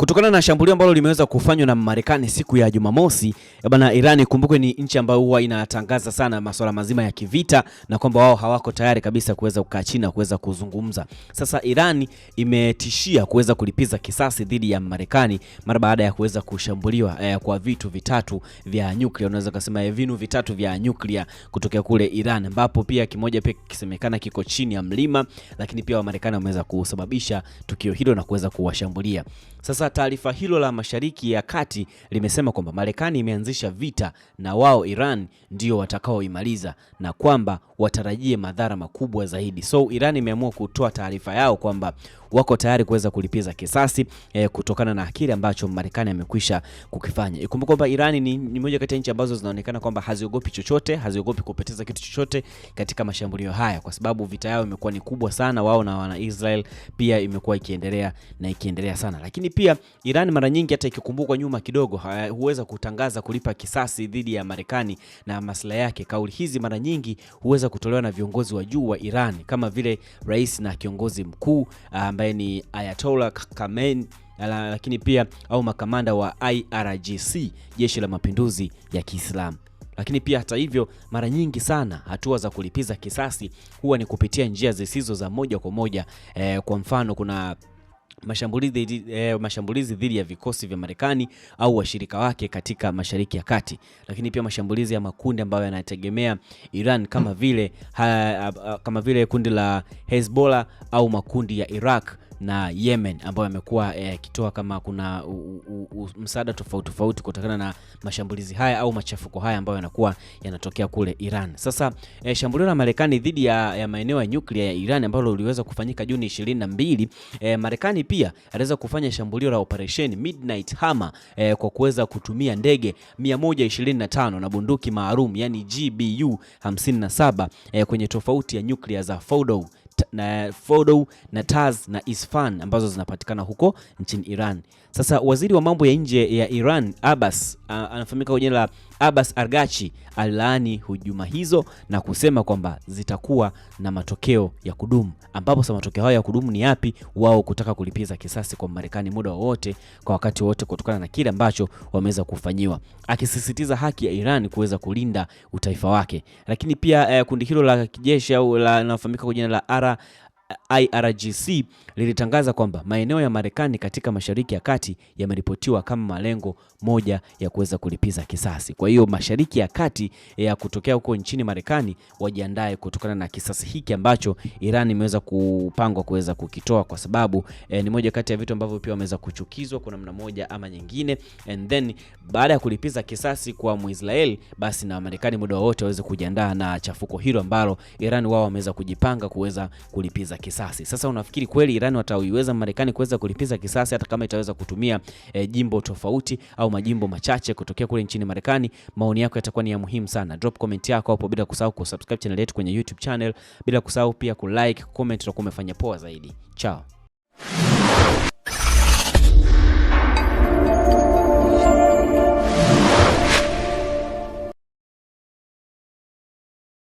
Kutokana na shambulio ambalo limeweza kufanywa na Marekani siku ya Jumamosi, eh, bwana Iran ikumbukwe ni nchi ambayo huwa inatangaza sana masuala mazima ya kivita na kwamba wao hawako tayari kabisa kuweza kukaa chini na kuweza kuzungumza. Sasa Iran imetishia kuweza kulipiza kisasi dhidi ya Marekani mara baada ya kuweza kushambuliwa eh, kwa vitu vitatu vya nyuklia, unaweza kusema eh, vinu vitatu vya nyuklia kutokea kule Iran, ambapo pia kimoja pia kisemekana kiko chini ya mlima, lakini pia Wamarekani wameweza kusababisha tukio hilo na kuweza kuwashambulia. Sasa taarifa hilo la Mashariki ya Kati limesema kwamba Marekani imeanzisha vita na wao Iran ndio watakaoimaliza na kwamba watarajie madhara makubwa zaidi. So Iran imeamua kutoa taarifa yao kwamba wako tayari kuweza kulipiza kisasi eh, kutokana na kile ambacho Marekani amekwisha kukifanya. Ikumbuke kwamba Iran ni, ni moja kati ya nchi ambazo zinaonekana kwamba haziogopi chochote, haziogopi kupoteza kitu chochote katika mashambulio haya, kwa sababu vita yao imekuwa ni kubwa sana, wao na wana Israel pia imekuwa ikiendelea na ikiendelea sana. Lakini pia Iran mara nyingi hata ikikumbukwa nyuma kidogo, huweza kutangaza kulipa kisasi dhidi ya Marekani na maslahi yake. Kauli hizi mara nyingi huweza kutolewa na viongozi wa juu wa Iran kama vile rais na kiongozi mkuu um, ambaye ni Ayatollah Khamenei lakini pia au makamanda wa IRGC, jeshi la mapinduzi ya Kiislamu. Lakini pia hata hivyo, mara nyingi sana hatua za kulipiza kisasi huwa ni kupitia njia zisizo za moja kwa moja. E, kwa mfano kuna mashambulizi eh, dhidi ya vikosi vya Marekani au washirika wake katika Mashariki ya Kati, lakini pia mashambulizi ya makundi ambayo yanategemea Iran kama vile, ha, ha, kama vile kundi la Hezbollah au makundi ya Iraq na Yemen ambayo yamekuwa eh, yakitoa kama kuna msaada tofauti tofauti kutokana na mashambulizi haya au machafuko haya ambayo yanakuwa yanatokea kule Iran. Sasa eh, shambulio la Marekani dhidi ya, ya maeneo ya nyuklia ya Iran ambalo liliweza kufanyika Juni 22, eh, Marekani pia aliweza kufanya shambulio la operation Midnight Hammer eh, kwa kuweza kutumia ndege 125 na bunduki maalum yani GBU 57 eh, kwenye tofauti ya nyuklia za Fordow na Fordow na Taz na Isfan ambazo zinapatikana huko nchini Iran. Sasa waziri wa mambo ya nje ya Iran Abbas anafahamika kwa jina la Abbas Argachi alilaani hujuma hizo na kusema kwamba zitakuwa na matokeo ya kudumu, ambapo sasa matokeo hayo ya kudumu ni yapi? Wao kutaka kulipiza kisasi kwa Marekani muda wowote, kwa wakati wote, kutokana na kile ambacho wameweza kufanyiwa, akisisitiza haki ya Iran kuweza kulinda utaifa wake. Lakini pia eh, kundi hilo la kijeshi au la nafahamika kwa jina la IRGC lilitangaza kwamba maeneo ya Marekani katika Mashariki ya Kati yameripotiwa kama malengo moja ya kuweza kulipiza kisasi. Kwa hiyo Mashariki ya Kati eh, ya kutokea huko nchini Marekani wajiandae kutokana na kisasi hiki ambacho Iran imeweza kupangwa kuweza kukitoa, kwa sababu eh, ni moja kati ya vitu ambavyo pia wameweza kuchukizwa kwa namna moja ama nyingine, and then baada ya kulipiza kisasi kwa Mwisraeli, basi na Marekani muda wowote waweze kujiandaa na chafuko hilo ambalo Iran wao wameweza kujipanga kuweza kulipiza kisasi. Sasa unafikiri kweli Iran wataiweza Marekani kuweza kulipiza kisasi hata kama itaweza kutumia e, jimbo tofauti au majimbo machache kutokea kule nchini Marekani? Maoni yako yatakuwa ni ya muhimu sana. Drop comment yako hapo, bila kusahau kusubscribe channel yetu kwenye YouTube channel, bila kusahau pia kulike, comment, na umefanya poa zaidi. Chao.